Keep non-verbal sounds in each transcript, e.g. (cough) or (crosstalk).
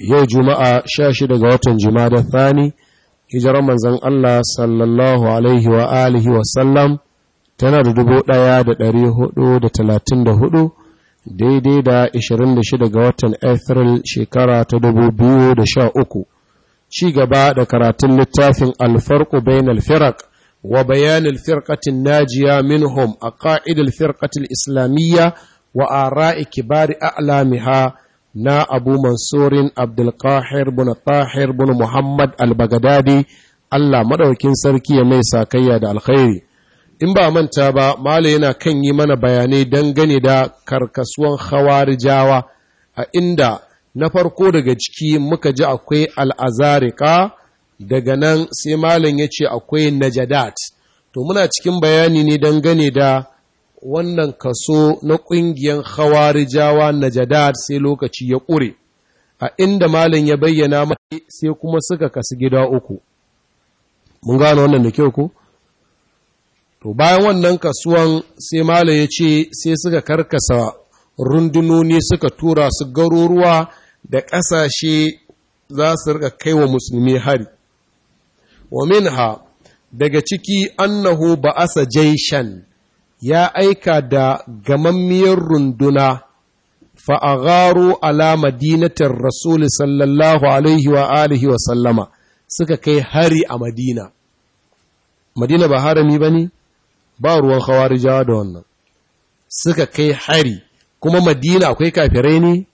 yau juma'a 16 ga watan Sani thani hijirar manzon Allah sallallahu alaihi wa alihi wa tana da 1434 daidai da shida ga watan April shekara ta 2013 ci gaba da karatun littafin alfarku bainal Firak wa bayanil firqatin najiya minhum aqaidil firqatil islamiyya wa ara'i kibari a'lamiha na abu mansurin abdulkahir bin tahir bin muhammad al-bagadadi allah maɗaukin sarki ya mai sakayya da alkhairi in ba manta ba mala yana kan yi mana bayanai dangane da karkasuwan hawarijawa a inda na farko daga ciki muka ji akwai al'azarika daga nan sai Malam ya ce akwai najadat to muna cikin bayani ne dangane da wannan kaso na ƙungiyar na jadad sai lokaci ya ƙure a inda malin ya bayyana mai sai kuma suka kasu gida uku mun gano wannan da kyau ko to bayan wannan kasuwan sai malin ya ce sai suka karkasa rundunoni suka tura su garuruwa da ƙasashe za su rika kai wa musulmi hari wa min ha, daga ciki annahu ba'asa jaishan ya aika da gamammiyar runduna fa'agharu ala madinatar rasuli sallallahu alaihi wa alihi wa sallama suka kai hari a madina madina ba harami ba ne ba ruwan jawa da wannan suka kai hari kuma madina akwai kafirai ne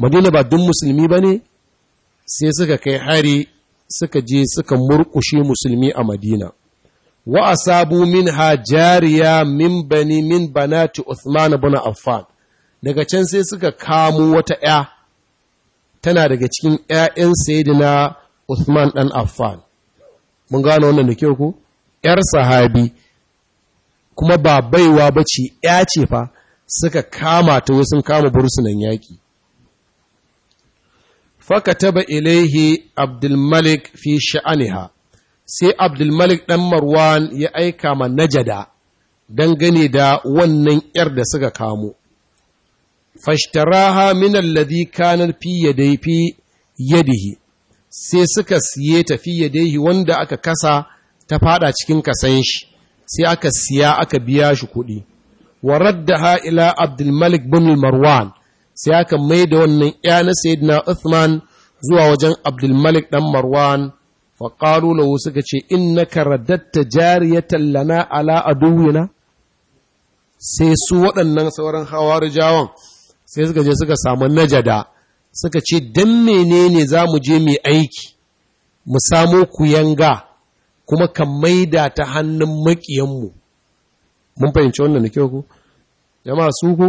madina ba dun musulmi ba ne sai suka kai hari suka je suka murkushe musulmi a madina wa asabu minha jariya min bani min banati Uthman ibn daga can sai suka kamo wata ‘ya tana daga cikin ‘ya'yan sayidina Uthman ɗan Affan. Mun gano wannan da kyau ku? ‘Yar sahabi, kuma ba baiwa ba ce, ‘ya ce fa suka kama ta wasu kama bursunan yaƙi. Faka taba ilaihi Abdulmalik fi sha'aniha, sai abdulmalik ɗan marwan ya aika ma najada dangane da wannan ‘yar da suka kamo. Fashtaraha min alladhi kanar fi yadai yadihi, sai suka siye ta fi yadaihi wanda aka kasa ta fada cikin kasan shi, sai aka siya aka biya shi kuɗi. Wa ila Abdulmalik bin Marwan, sai aka mai da wannan ‘ya na Sayyidina Uthman zuwa wajen Abdulmalik ɗan Marwan, wa qalu lahu suka ce innaka raddatta jariyatan lana ala aduwina sai su waɗannan sauran hawarijawan sai suka je suka samu najada suka ce dan menene za mu je mai aiki mu samo yanga kuma ka maida ta hannun makiyanmu mun fahimci wannan da kyau ku jama'a su ku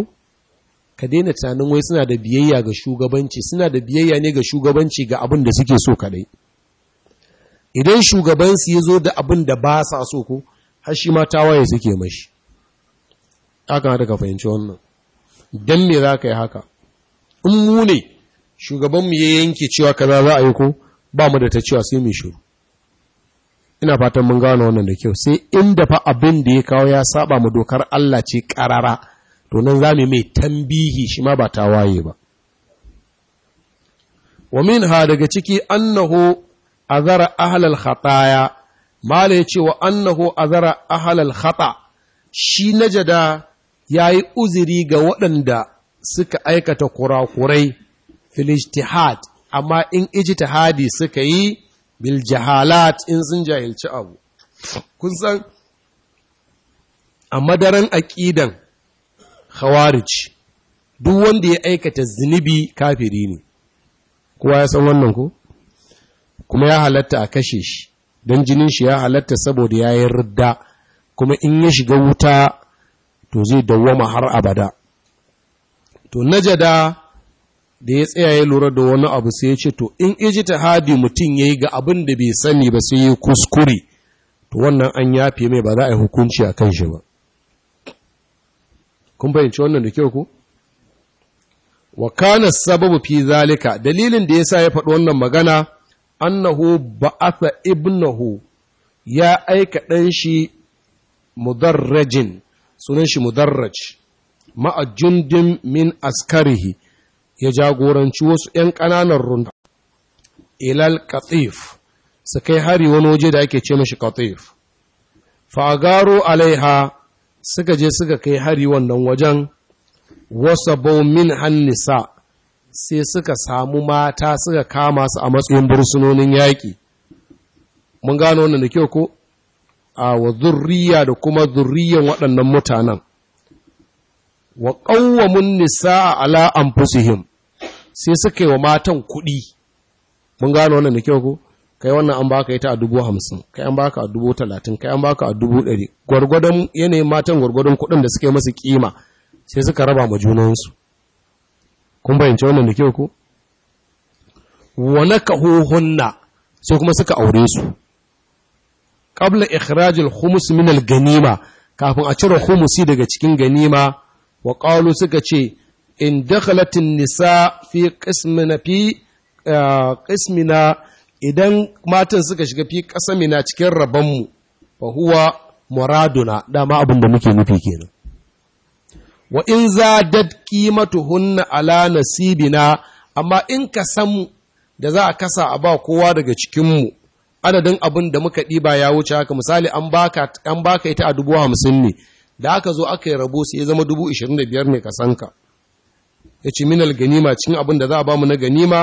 ka daina tunanin wai suna da biyayya ga shugabanci suna da biyayya ne ga shugabanci ga abin da suke so kaɗai. idan shugabansu ya zo da abin da ba sa so ko har shi ma tawaye suke mashi haka da ka fahimci wannan dan me za ka yi haka in mu ne shugabanmu ya yanke cewa kaza za a yi ko ba mu da ta cewa sai mu shiru ina fatan mun gano wannan da kyau sai inda fa abin da ya kawo ya saba mu dokar Allah ce karara to nan za mu mai tambihi shi ma ba tawaye ba wa min ha daga ciki annahu azara ahlal khataya mala ya ce wa annahu azara ahlal khata shi na jada ya yi uziri ga waɗanda suka aikata kurakurai filistihad amma in ijtihadi suka yi bil jahalat in sun jahilci abu kun san a madaran aqidan khawarij duk wanda ya aikata zunubi kafiri ne kowa ya san wannan ko kuma ya halatta a kashe shi don jinin shi ya halatta saboda ya yi ridda kuma in ya shiga wuta to zai dawwama har abada to jada da ya tsaya ya lura da wani abu sai ya ce to in ta iji hadi mutum ya yi ga abin da bai sani ba sai ya kuskure to wannan an yafe mai ba za a yi hukunci a kan shi ba kun fahimci wannan da kyau ku wa kana sababu fi zalika dalilin da yasa ya faɗi wannan magana annahu ba'atha ibnahu ya aika ɗan shi mudarrajin sunan shi mudarraj ma'a jundin min askarihi ya jagoranci wasu ‘yan ƙananan runda ilal katif su kai hari wani waje da ake ce mashi katif fagaro alaiha suka je suka kai hari wannan wajen wasa baumin hannisa sai suka samu mata suka kama su a matsayin bursunonin yaƙi mun gano wannan da kyau ko a wa zurriya da kuma zurriyan waɗannan mutanen wa ƙawwamun nisa ala'an fusihim sai suka yi wa matan kuɗi mun gano wannan da kyau ko kai wannan an baka ita a dubu hamsin kai an baka a dubu talatin kai an baka a dubu ɗari gwargwadon yanayin matan gwargwadon kuɗin da suke masu kima sai suka raba ma junansu kun bayance wannan da kyau ko ka nakahuhunna sai kuma suka aure su qabla ikhrajil khumus min al ganima kafin a cire khumusi daga cikin ganima wa qalu suka ce in dakhalat nisa fi qismina fi ah, qismina idan matan suka shiga fi qasmina cikin rabanmu fa huwa muraduna dama abin da muke nufi kenan wa in zadat qimatuhunna ala nasibina amma in ka san da za a kasa a ba kowa daga cikinmu adadin abin da muka ɗiba ya wuce haka misali an baka an baka ita a dubu hamsin ne da aka zo aka yi rabo sai ya zama dubu ishirin da biyar ne ka ya ce minal ganima cikin abin da za a ba mu na ganima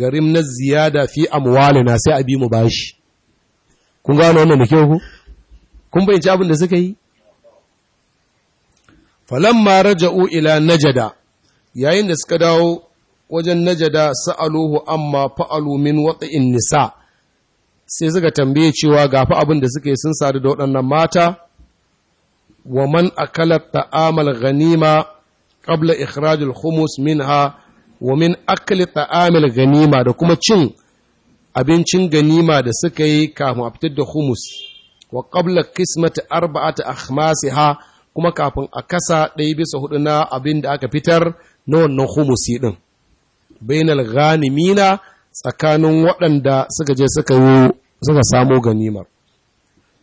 garim na ziyada fi na sai a bi mu bashi kun gano wannan da kyau ku kun bayyance abin da suka yi falamma raja'u ila najada yayin da suka dawo wajen najada sa'aluhu amma fa'alu min in nisa sai suka tambaye cewa ga fa abin da suke sun sadu da waɗannan mata wa man akala ta'amal ganima qabla humus khumus minha wa min akli ta'amal ganima da kuma cin abincin ganima da suka yi kafin a fitar da humus wa qabla qismati arba'ati akhmasiha kuma kafin a kasa ɗaya bisa hudu na abin da aka fitar na wannan humusi ɗin bainal ganimina tsakanin waɗanda suka je suka yi suka samo ganimar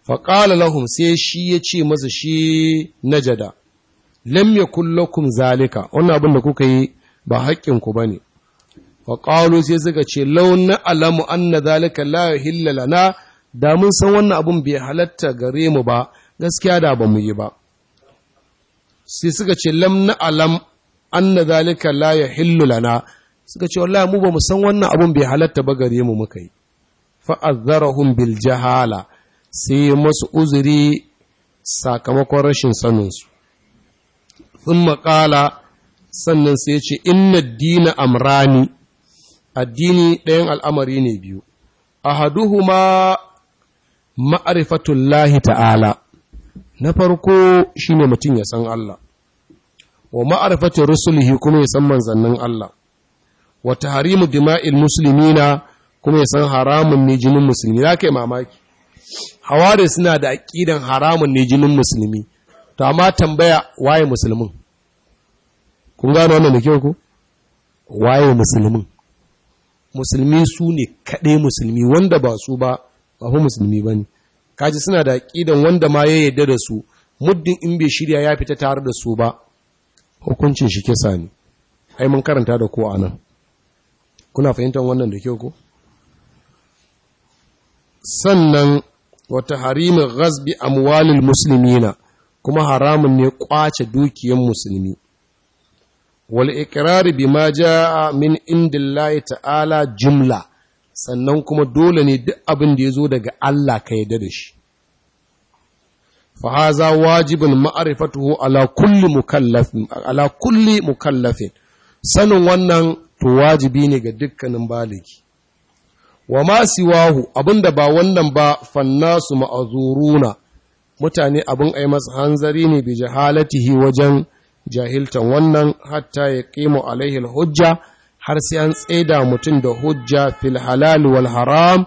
faƙala lahum sai shi ya ce masa shi najada lam yakul lakum zalika wannan abin da kuka yi ba haƙƙinku ne. faƙalu sai suka ce launin alamu an na zalika layo hillala na da mun san wannan abun bai halatta gare mu ba gaskiya da ba mu yi ba sai suka ce lam na alam na zalika la yahillu na. suka ce wallahi mu ba mu san wannan abun bai halatta ba gare mu muka yi fa bil jahala sai masu uzuri sakamakon rashin saninsu. Sun maƙala sannan sai ce, Inna dina amrani, addini ɗayan al'amari ne biyu, a haduhu ma ma'arifatullahi ta'ala, na farko shi ne mutum ya san Allah, wa ma'arfata rusulihi kuma ya san manzannin Allah wa tahrimu dima'il na kuma ya san haramun ne jinin musulmi Ya ka yi mamaki hawari suna da aƙidan haramun ne jinin musulmi to amma tambaya waye musulmin kun gano wannan da kyau ku waye musulmin musulmi su ne kaɗai musulmi wanda ba su ba ba fi musulmi ba ne kaji suna da aƙidan wanda ma ya yarda da su muddin in bai shirya ya fita tare da su ba hukuncin shi kisa ne ai mun karanta da ko anan kuna fahimtar wannan da kyau ko sannan wata harimin ghazbi amwalil muslimina kuma haramun ne kwace dukiyar musulmi wal iqrar bima jaa min indillahi ta'ala jumla sannan kuma dole ne duk abin da yazo daga Allah ka yarda da shi fa haza wajibun ma'rifatuhu ala kulli mukallafin sanin wannan to wajibi ne ga dukkanin baligi wa ma siwahu abinda ba wannan ba fannasu ma'azuruna mutane abin ai masa hanzari ne bi jahalatihi wajen jahiltan wannan hatta ya qimu alaihi hujja har sai an tsaida mutum da hujja fil halal wal haram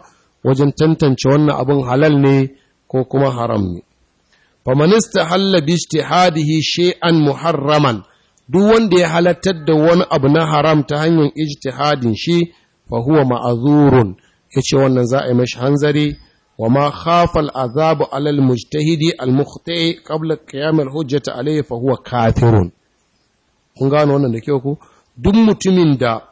wajen tantance wannan abin halal ne ko kuma haram ne famanista halla bi ijtihadihi shay'an muharraman duk wanda ya halartar da wani abu na haram ta hanyar ijtihadin shi fa huwa ma'azurun yace wannan za a yi mashi hanzari wa ma khafa al'azab ala al-mujtahidi al-mukhti qabla qiyam al-hujjati alayhi fa huwa kafirun kun gano wannan da kyau ku duk mutumin da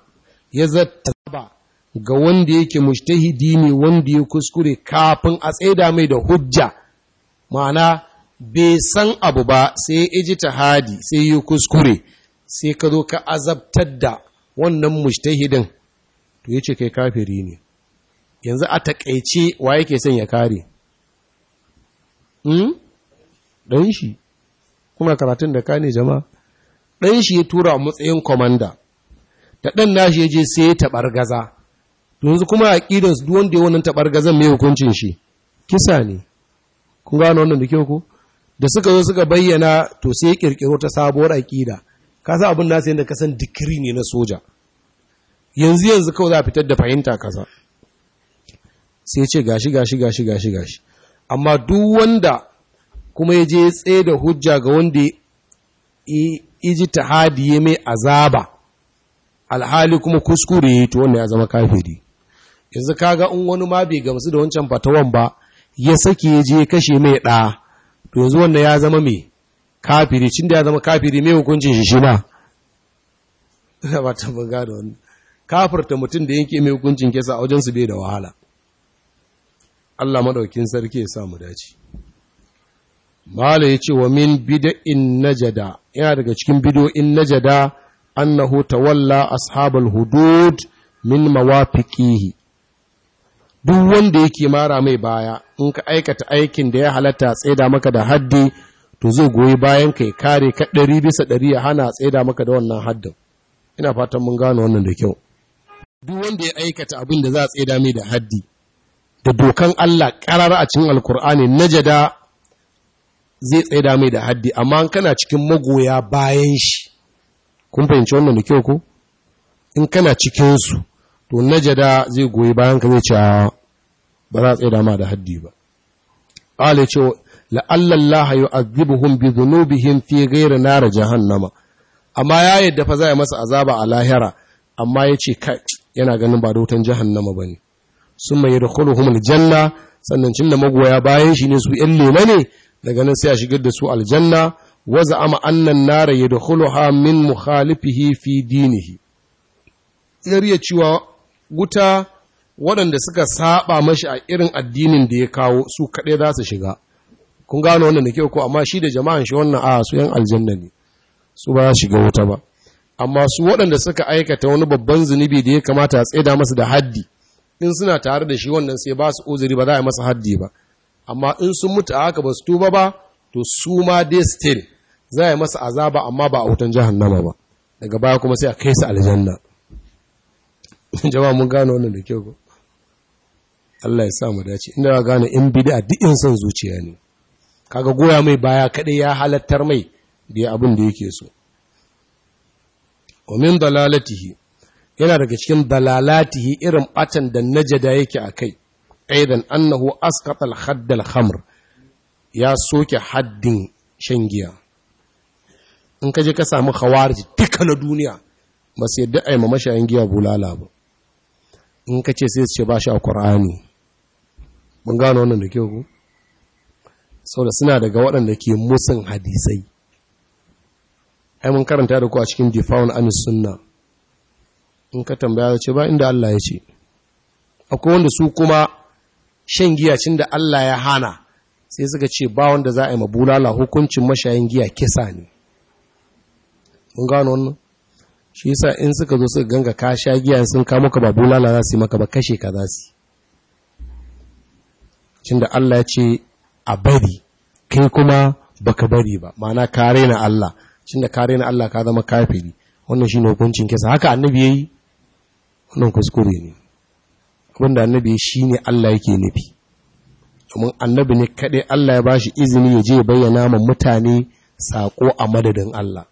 ya zattaba ga wanda yake mujtahidi ne wanda ya kuskure kafin a tsaida mai da hujja ma'ana bai san abu ba sai ya ta hadi sai yi kuskure sai ka zo ka azabtar da wannan mujtahidin to ce kai kafiri ne yanzu a takaice wa yake son ya kare hmm? Ɗan shi kuma karatun da ka ne jama'a Ɗan shi ya tura matsayin komanda da ɗan nashi ya je sai ya taɓar gaza. yanzu kuma a ƙidansu duk wanda ya wannan gaza mai hukuncin shi kisa ne kun gano wannan da kyau ko da suka zo suka bayyana to sai kirkiro ta sabuwar aƙida ka sa abin nasu yadda kasan dikiri ne na soja yanzu yanzu kawai za a fitar da fahimta kasa sai ce gashi gashi gashi gashi gashi amma duk wanda kuma ya je tsaye da hujja ga wanda iji tahadi ya mai azaba alhali kuma kuskure ya yi to wannan ya zama kafiri yanzu kaga in wani ma bai gamsu da wancan fatawan ba ya sake ya je kashe mai ɗa to yanzu wannan ya zama mai kafiri cin da ya zama kafiri mai hukuncin shi shi ba (laughs) ta wannan kafirta mutum da yanke mai hukuncin kesa a wajen su bai da wahala Allah madaukin sarki ya sa mu dace Mala ya ce wa min na najada yana daga cikin bido'in najada annahu tawalla ashabal hudud min mawafiqihi duk wanda yake mara mai baya in ka aikata aikin da ya halatta tseda maka da haddi to zai goyi bayan kai kare ka ɗari bisa ɗari ya hana tseda maka da wannan haddin ina fatan mun gano wannan da kyau duk wanda ya aikata abin da za a tseda mai da haddi da dokan Allah karara a cikin alkur'ani jada zai tseda mai da haddi amma kana cikin magoya bayan shi kun fahimci wannan da kyau ko in kana cikin su to na najada zai goyi bayan ka zai ce ba za a tsaye dama da haddi ba qala ce la'alla Allah yu'adhibuhum bi dhunubihim fi ghayri nar jahannama amma ya yadda fa yi masa azaba a lahira amma ya ce kai yana ganin ba da wutan jahannama bane summa yadkhuluhum aljanna sannan cin da magoya bayan shi ne su ‘yan lema ne daga nan sai a shigar da su aljanna waza ama annan nara ya da min mukhalifihi fi dinihi. cewa wuta waɗanda suka saba mashi a irin addinin da ya kawo su kaɗai za su shiga kun gano wannan da ke ko amma shi da jama'an shi wannan a su yan aljanna ne su ba za shiga wuta ba amma su waɗanda suka aikata wani babban zunubi da ya kamata a tsaida masa da haddi in suna tare da shi wannan sai ba su uzuri ba za a yi masa haddi ba amma in sun mutu a haka ba su tuba ba to su ma dai still za a yi masa azaba amma ba a wutan jahannama ba daga baya kuma sai a kai su aljanna (laughs) jama'a mun gane wannan da kyau ko Allah ya sa mu dace inda ka gane in bid'a duk in son zuciya ne kaga goya mai baya kadai ya halattar mai da abin da yake so ومن dalalatihi yana daga cikin dalalatihi irin batan da najada yake akai aidan annahu asqata al-hadd al-khamr ya soke haddin shan giya in ka je ka samu khawarij duka na duniya ba su yadda ma mashayin giya bulala ba in ka ce sai su ce ba shi a ƙur'ani mun gano wannan da kyau ku saboda suna daga waɗanda ke musun hadisai ai mun karanta da ku a cikin defawon amis sunna in ka tambaya ce ba inda Allah ya ce akwai wanda su kuma shan giya cin da Allah ya hana sai suka ce ba wanda za a yi mabulala hukuncin mashayin giya kisa ne mun gano wannan shi yasa in suka zo suka ganga ka sha giya sun kama ka ba bulala za su yi maka ba kashe ka za su cin da Allah ya ce a bari kai kuma baka bari ba mana ka raina Allah cin da ka raina Allah ka zama kafiri wannan shine hukuncin kisa haka annabi yayi wannan kuskure ne abinda annabi shine Allah yake nufi domin annabi ne kaɗai Allah ya bashi izini ya je bayyana ma mutane sako a madadin Allah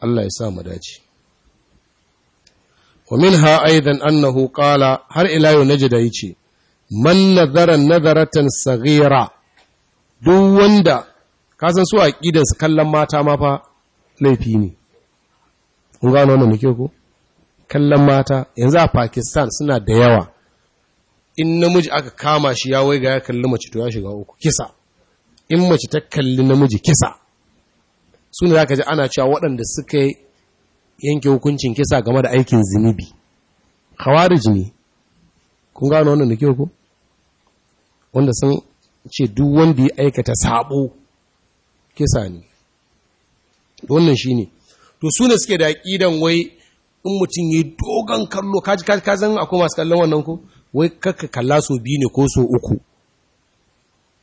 Allah ya sa mu dace wa minha aidan annahu ƙala har ila yau da yace man nazara nazaratan saghira duk wanda kasan su a su kallon mata ma fa laifi ne kun kallon mata yanzu a Pakistan suna da yawa in namiji aka kama shi ya waiga ya kalli mace to ya shiga uku kisa in mace ta kalli namiji kisa su ne za ka ji ana cewa waɗanda suka yi yanke hukuncin kisa game da aikin zunubi khawarij ne kun gano wannan da kyau ko wanda sun ce duk wanda ya aikata sabo kisa ne wannan shine to su ne suke da aqidan wai in mutum yi dogon kallo kaji kaji kazan akwai masu kallon wannan ko wai kaka kalla so biyu ne ko so uku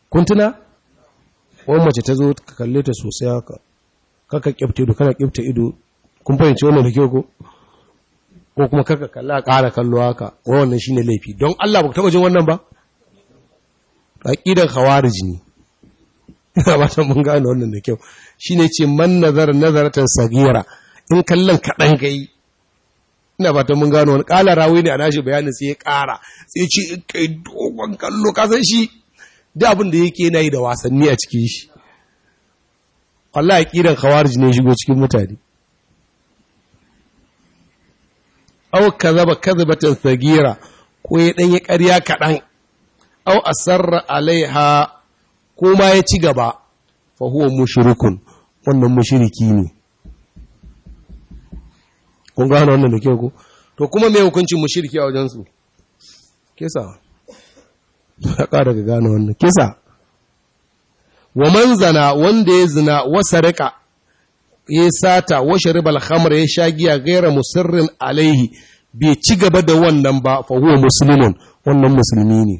kun tuna wani mace ta zo ka kalle ta sosai haka kaka kyafta ido kana kyafta ido kun fahimci wannan da kyau ko ko kuma kaka kalla ƙara kallo haka wannan shine laifi don Allah ba taɓa jin wannan ba aqidan khawarij ne ina ba ta mun gane wannan da kyau shine ce man nazar nazaratan sagira in kallon kaɗan yi. ina ba ta mun gane wani ƙala rawi ne a nashi bayanin sai ya ƙara sai ce kai dogon kallo ka san shi da abin da yake yana yi da wasanni a cikin shi wallahi aqidan khawarij ne shigo cikin mutane au كذب كذبة ثقيرة ko ya كريا yi ƙarya kaɗan au asarra alaiha فهو مشرك ya ci gaba mushrikun wannan ne kun gano wannan da ke ku? to kuma mai hukuncin a wajensu. kisa ƙara gano wannan kisa wa manzana wanda ya zina wa ya sata washe ribar khamr ya sha giya gaira musirrin alaihi bai ci gaba da wannan ba fa huwa muslimun wannan musulmi ne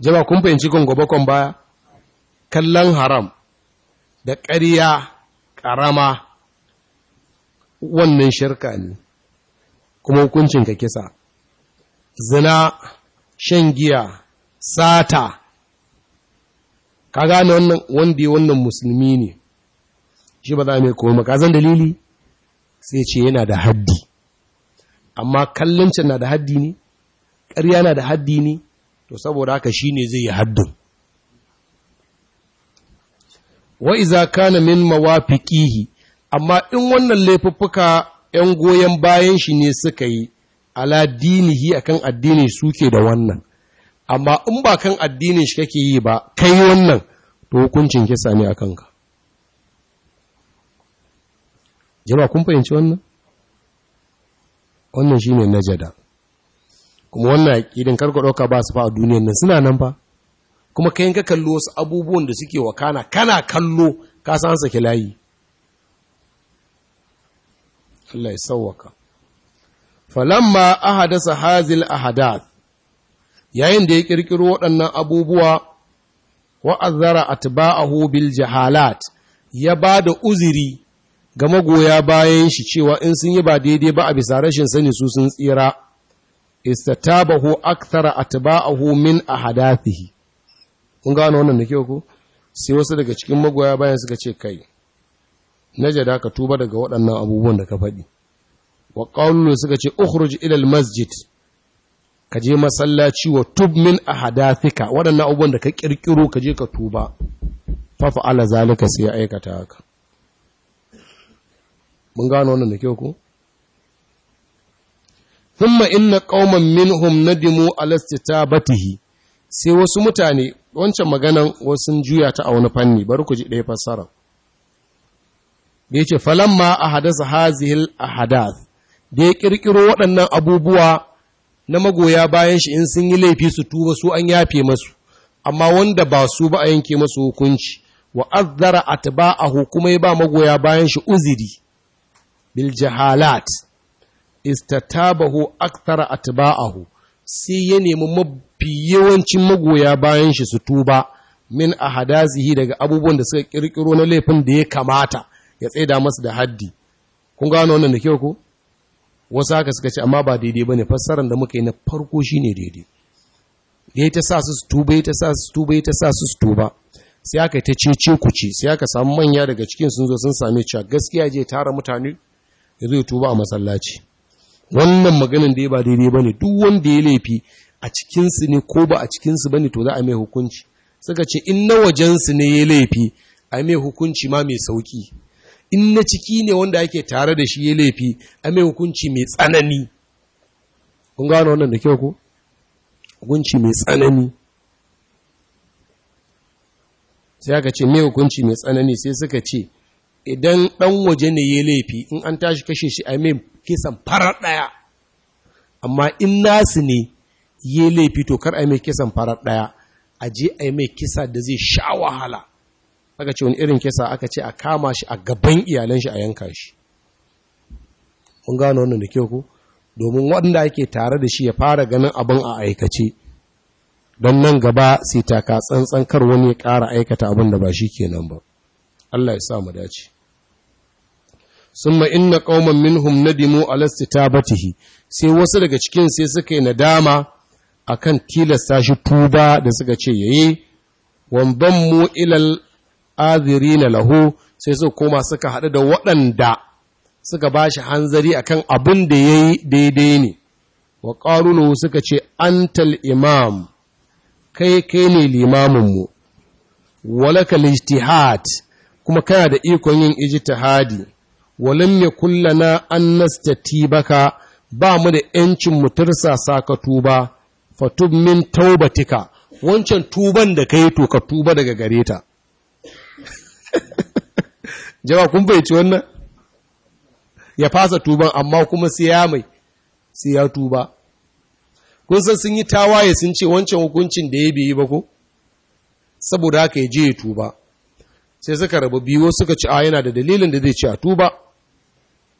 jama kun fahimci kun bakon ba kallon haram da ƙarya ƙarama wannan shirka ne kuma hukuncin ka kisa zina shan giya sata ka gane wannan wanda ya wannan musulmi ne shi ba za mai koma kazan dalili sai ce yana da haddi amma kallancin na da haddi ne ƙarya na da haddi ne to saboda haka shi ne zai yi haddin wa iza kana min mawafiqihi amma in wannan laifuffuka ‘yan goyon bayan shi ne suka yi, ala dinihi a addini suke da wannan, amma in ba kan addinin shi kake yi ba kai wannan to hukuncin kisa ne a kanka jama kun fahimci wannan wannan shi ne na jada. kuma wannan aqidan karka ɗauka ba su fa a duniyar nan suna nan ba? kuma kayan ka kallo wasu abubuwan da suke wa kana kallo ka san sake layi Allah ya sauwaka falamma ahadasa hazil ahadath yayin da ya ƙirƙiro waɗannan abubuwa a atba'ahu bil jahalat ya ba da uziri ga magoya bayan shi cewa in sun yi ba daidai ba a bisa rashin sani su sun tsira istatabahu akthara atba'ahu min ahadathihi kun gano wannan da kyau ku? sai wasu daga cikin magoya bayan suka ce kai najada ka tuba daga waɗannan abubuwan da ka faɗi wa suka ce ukhruj ila masjid ka je masallaci wa tub min hadafika waɗannan abubuwan da ka ƙirƙiro ka je ka tuba fa fa'ala zalika sai ya aikata haka mun gano wannan da kyau ko thumma inna qauman minhum nadimu ala istitabatihi sai wasu mutane wancan maganan wasu juya ta a wani fanni bari ku ji ɗaya fassara da yace falamma ahadasa hazihil hadas, da ya kirkiro waɗannan abubuwa na magoya bayan shi in sun yi laifi su tuba su an yafe masu amma wanda ba su ba a yanke masu hukunci wa azzara atba'ahu kuma ya ba magoya bayan shi uziri bil jahalat istatabahu akthara atba'ahu sai ya nemi mafi yawancin magoya bayan shi su tuba min ahadazihi daga abubuwan da suka kirkiro na laifin da ya kamata ya tsaida masu da haddi kun gano wannan da kyau ko wasu haka suka ce amma ba daidai ba ne. fassarar da muka yi na farko shi ne daidai yi ta sa su su tuba ya ta sa su tuba ya ta sa su su tuba sai aka ta ce ku ce sai aka samu manya daga cikin sun zo sun same cewa gaskiya je tara mutane ya zo ya tuba a masallaci wannan maganin da ya ba daidai ba ne duk wanda ya laifi a cikinsu ne ko ba a cikinsu ne to za a mai hukunci suka ce in na wajensu ne ya laifi a mai hukunci ma mai sauki in na ciki ne wanda ake tare da shi ya laifi a mai hukunci mai tsanani kun gano wannan da kyau ko hukunci mai tsanani sai aka ce mai hukunci mai tsanani sai suka ce idan ɗan waje ne ya laifi in an tashi kashe shi a mai kisan farar ɗaya amma in nasu ne ya laifi to kar a mai kisan farar ɗaya a je a mai kisa da zai sha wahala aka ce wani irin kisa aka ce a kama shi a gaban iyalan shi a yanka shi kun gano wannan da kyau ku domin wanda yake tare da shi ya fara ganin abin a aikace don nan gaba sai taka tsantsan kar wani ya ƙara aikata abin da ba shi kenan ba Allah ya sa mu dace summa inna qauman minhum nadimu ala istitabatihi sai wasu daga cikin sai suka yi nadama akan tilasta shi tuba da suka ce yayi wamban mu ilal na lahu sai su koma suka haɗu da waɗanda suka ba shi hanzari a kan abin da ya yi daidai ne wa ƙarunu suka ce antal imam kai kai ne limaminmu walaka ijtihad kuma kana da ikon yin ijtihadi walam kulla an nastatibaka ba mu da yancin mu tursasa ka tuba fatub min taubatika wancan tuban da kai to ka tuba daga gareta. (laughs) jama kun bayyace wannan ya fasa tuban amma kuma sai ya mai sai ya tuba kun san sun yi tawaye sun ce wancan hukuncin da ya bi ba ko saboda haka ya je ya tuba sai suka rabu biyu suka ci a yana da dalilin da zai ci a tuba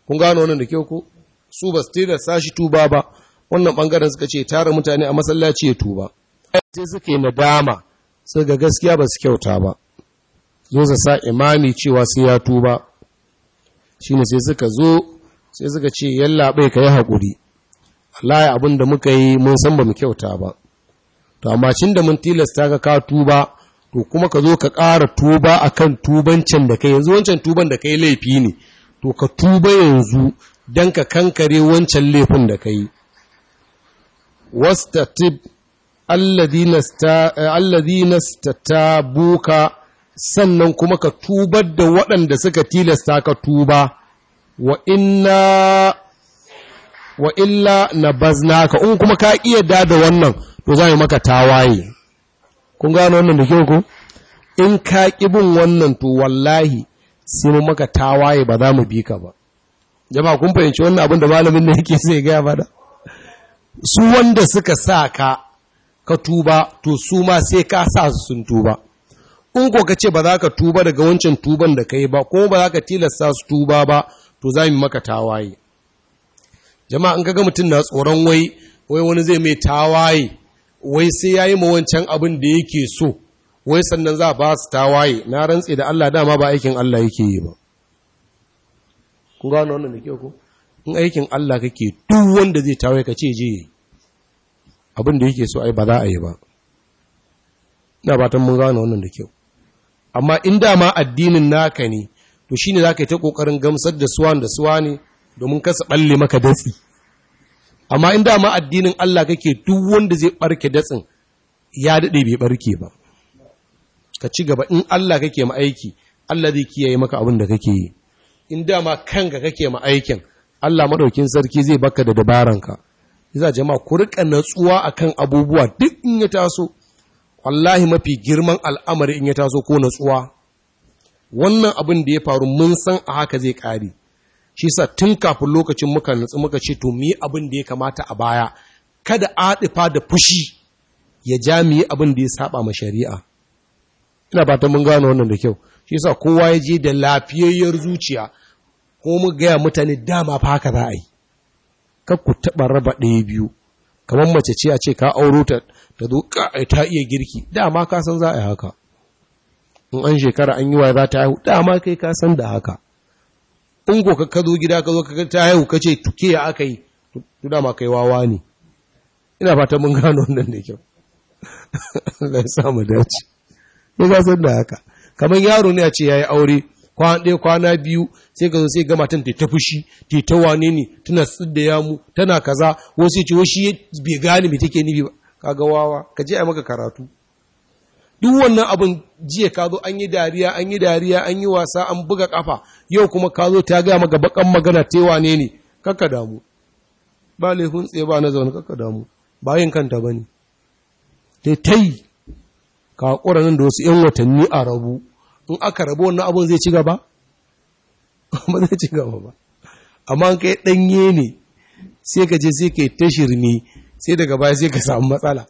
kun gano wannan da kyau ko su ba su tilasta shi tuba ba wannan bangaren suka ce tara mutane a masallaci ya tuba sai suka yi nadama sai ga gaskiya ba su kyauta ba zo su sa imani cewa sai ya tuba shi ne sai suka zo sai suka ce yalla bai haƙuri hakuri ya abin da muka yi mun san bamu kyauta ba to amma cin da mun tilasta ka ka tuba to kuma ka zo ka ƙara tuba akan tubancin da kai yanzu wancan tuban da kai laifi ne to ka tuba yanzu don ka kankare wancan laifin da kai tib alladhina alladhina statabuka sannan kuma ka tubar da waɗanda suka tilasta ka tuba wa inna wa illa ka in kuma ka iya da da wannan to za mu maka tawaye kun gano wannan da kyau ko in ka kibin wannan to wallahi sai mu maka tawaye ba za mu bi ka ba jama'a kun fahimci wannan abin da malamin ne yake sai ga ba da su wanda suka sa ka ka tuba to su ma sai ka sa su sun tuba in ko ka ce ba za ka tuba daga wancan tuban da ka yi ba kuma ba za ka tilasta su tuba ba to za mu maka tawaye jama'a in ka ga mutum na tsoron wai wai wani zai mai tawaye wai sai ya yi ma wancan abin da yake so wai sannan za ba su tawaye na rantse da Allah dama ba aikin Allah yake yi ba kun gano wannan da kyau ko in aikin Allah kake duk wanda zai tawaye ka ce je abin da yake so ai ba za a yi ba ina fatan mun gano wannan da kyau amma in dama addinin naka ne to shi shine zaka yi ta kokarin gamsar da suwan da suwa ne domin kasa balle maka datsi amma in dama addinin Allah kake duk wanda zai barke datsin ya dade bai barke ba ka ci gaba in Allah kake ma aiki Allah zai kiyaye maka abin da kake yi in dama kanka kake ma aikin Allah madaukin sarki zai baka da dabaranka yasa jama'a ku rika natsuwa akan abubuwa duk in ya taso wallahi mafi girman al'amari in ya taso ko natsuwa wannan abin da ya faru mun san a haka zai ƙare shi sa tun kafin lokacin muka nutsu muka ce to mu abin da ya kamata a baya kada aɗifa da fushi ya ja mu abin da ya saba ma shari'a ina ba ta mun gano wannan da kyau shi sa kowa ya je da lafiyayyar zuciya ko mu gaya mutane dama fa haka za a yi kar ku taɓa raba ɗaya biyu kamar mace ce a ce ka auro ta ta zo ta iya girki dama ka san za a yi haka in an shekara an yi wa za ta haihu dama kai ka san da haka in ko ka zo gida ka zo ka ta haihu ka ce tuke ya aka yi to dama kai wawa ne ina fata mun gano wannan da kyau (laughs) Allah ya samu dace ne ka san da haka kamar yaro ne a ce yayi aure kwana ɗaya kwana biyu sai ka zo sai gama matan ta fushi ta ta wane ne tana tsidda yamu tana kaza wasu ce wasu shi bai gane me take nufi ba kaga wawa ka je a maka karatu duk wannan abin jiya ka zo an yi dariya an yi dariya an yi wasa an buga kafa yau kuma ka zo ta gaya maka bakan magana tewa ne ne kakka damu ba laifin tsaye ba na zaune kakka damu ba yin kanta ba ne tai ka kura nan da wasu ‘yan watanni a rabu in aka rabu wannan abin zai ci gaba (laughs) ba zai ci gaba ba amma kai ɗanye ne sai ka je sai ka yi ta shirme sai daga baya sai ka samu matsala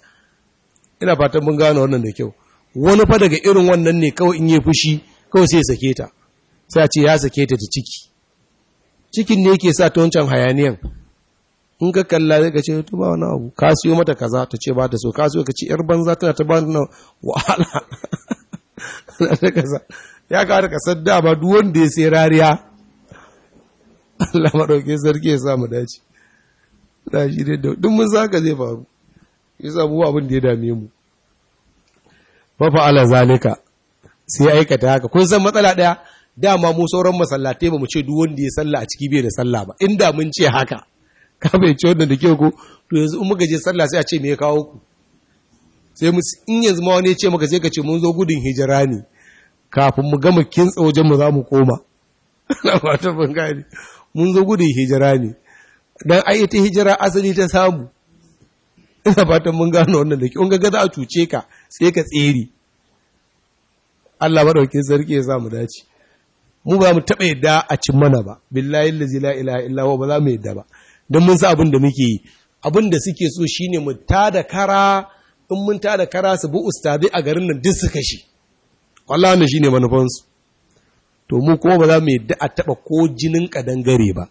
ina fatan mun gano wannan da kyau wani fa daga irin wannan ne kawai in yi fushi kawai sai ya sake ta sai a ce ya sake ta da ciki cikin ne yake sa ta wancan hayaniyan in ka kalla zai ka ce to ba wani abu ka siyo mata kaza ta ce ba ta so ka siyo ka ce yar banza tana ta ba na wahala (laughs) ya ka ka sadda ba duk wanda ya sai rariya Allah madauke sarki ya sa mu dace na shi da duk mun saka zai faru ya samu abin da ya dame mu ba fa ala zalika sai aikata haka kun san matsala daya dama mu sauran masallatai ba mu ce duk wanda ya sallah a ciki bai da sallah ba inda mun ce haka (laughs) ka bai ce wannan da ke ko to yanzu in muka je sallah sai a ce me ya kawo ku sai mu in yanzu ma wani ya ce maka sai ka ce mun zo gudun hijira ne kafin mu gama kintsa wajen mu za mu koma (laughs) na fata mun gane mun zo gudun hijira ne dan ai ita hijira asali ta samu ina fatan mun gano wannan da ke in ga za a cuce ka sai ka tsere Allah dauke sarki ya sa mu dace mu ba mu taɓa yadda a cin mana ba billahi allazi la ilaha illa huwa ba za mu yadda ba dan mun sa abin da muke yi abin da suke so shine mu tada kara in mun tada kara su bu ustadi a garin nan duk su kashe wallahi ne shine manufansu. to mu kuma ba za mu yadda a taɓa ko jinin kadangare ba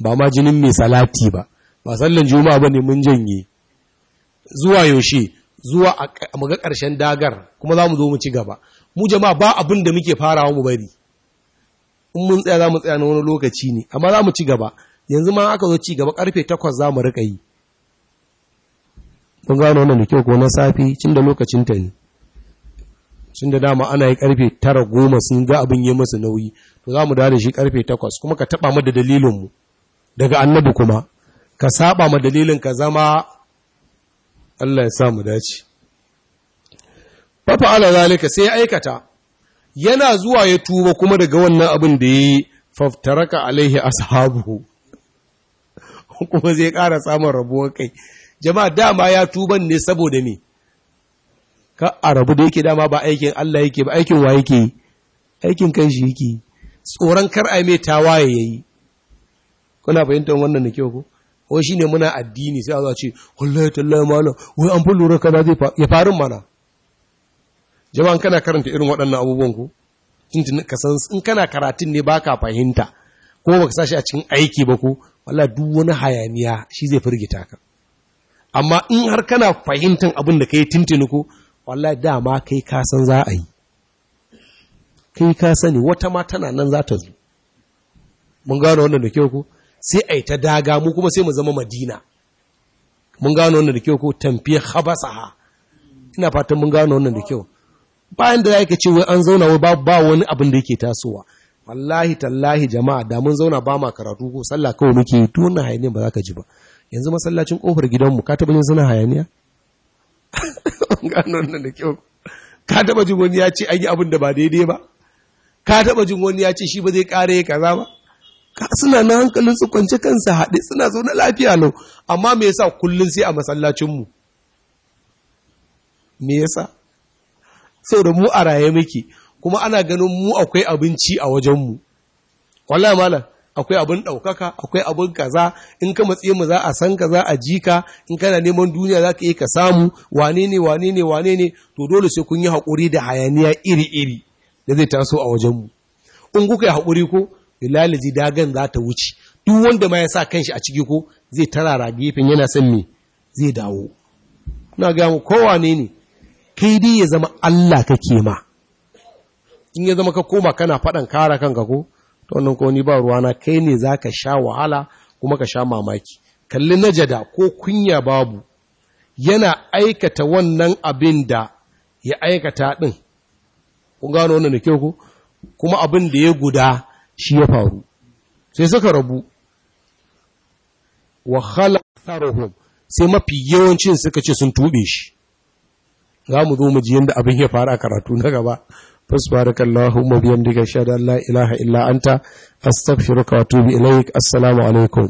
ba ma jinin mai salati ba ba sallan juma'a ba ne mun janye zuwa yaushe zuwa a maga ƙarshen dagar kuma za mu zo mu ci gaba mu jama'a ba abin da muke farawa mu bari in mun tsaya za mu tsaya na wani lokaci ne amma za mu ci gaba yanzu ma aka zo ci gaba karfe takwas za mu riƙa yi kun gano wannan da kyau ko na safi cin da lokacin ta ne cin da dama ana yi karfe tara goma sun ga abin yi masu nauyi to za mu dawo da shi karfe takwas kuma ka taɓa mu da dalilinmu daga annabi kuma ka saba ma dalilin ka zama Allah ya samu dace fafa ala zalika sai ya aikata yana zuwa ya tuba kuma daga wannan abin da yi faftaraka alaihi ashabu (laughs) kuma zai ƙara samun rabuwar kai jama'a dama ya tuba ne saboda me ka a rabu da yake dama ba aikin Allah yake ba aikin wa yake aikin kan shi yake tsoron kar a mai tawaye yayi Muna fahimtar wannan da kyau ko wai shine muna addini sai a ce wallahi tallahi malam wai an fi lura kaza zai ya farin mana jama'an kana karanta irin waɗannan abubuwan ko tuntun ka in kana karatun ne baka fahimta ko baka sashi a cikin aiki ba ko wallahi duk wani hayaniya shi zai firgita ka amma in har kana fahimtar abin da kai tuntun ko wallahi dama kai ka san za a yi kai ka sani wata ma tana nan za ta zo mun gano wannan da kyau ko sai a yi ta daga mu kuma sai mu zama madina mun gano wannan da kyau ko tamfiye khabasaha ina fatan mun gano wannan da kyau bayan da yake ce an zauna wai ba wani abin da yake tasowa wallahi tallahi jama'a da mun zauna ba ma karatu ko sallah kawai muke to wannan hayaniya ba za ka ji ba yanzu masallacin kofar gidanmu ka taba yin suna hayaniya (laughs) Mun gano wannan da kyau ka taba jin wani ya ce an yi abin da ba daidai ba ka taba jin wani ya ce shi ba zai kare kaza ba suna na hankalin su kwance kansu haɗe suna zo na lafiya lau amma me yasa kullum sai a masallacinmu me yasa saboda mu a raye muke kuma ana ganin mu akwai abinci a wajenmu wallahi akwai abin ɗaukaka akwai abin kaza in ka matse mu za a san kaza a ji ka in kana neman duniya za ka yi ka samu wane ne wane ne wane ne to dole sai kun yi haƙuri da hayaniya iri-iri da zai taso a wajenmu in kuka yi haƙuri ko lalaji dagan za ta wuce duk wanda ma ya sa shi a ciki ko zai tarara gefen yana son me zai dawo na ga mu kowa ne kai dai ya zama Allah kake ma in ya zama ka koma kana faɗan kara kanka ko ta wannan ko ni ba na kai ne za ka sha wahala kuma ka sha mamaki kalli najada ko kunya babu yana aikata wannan abin da ya aikata din. kun gano wannan da kyau ko kuma abin da ya guda shi ya faru sai suka rabu wa khalaqaruhum sai mafi yawancin suka ce sun tube shi za mu zo mu ji yadda abin ya faru a karatu na gaba fasbarakallahu mabiyan diga shada la ilaha illa anta astaghfiruka wa atubu ilaik assalamu alaikum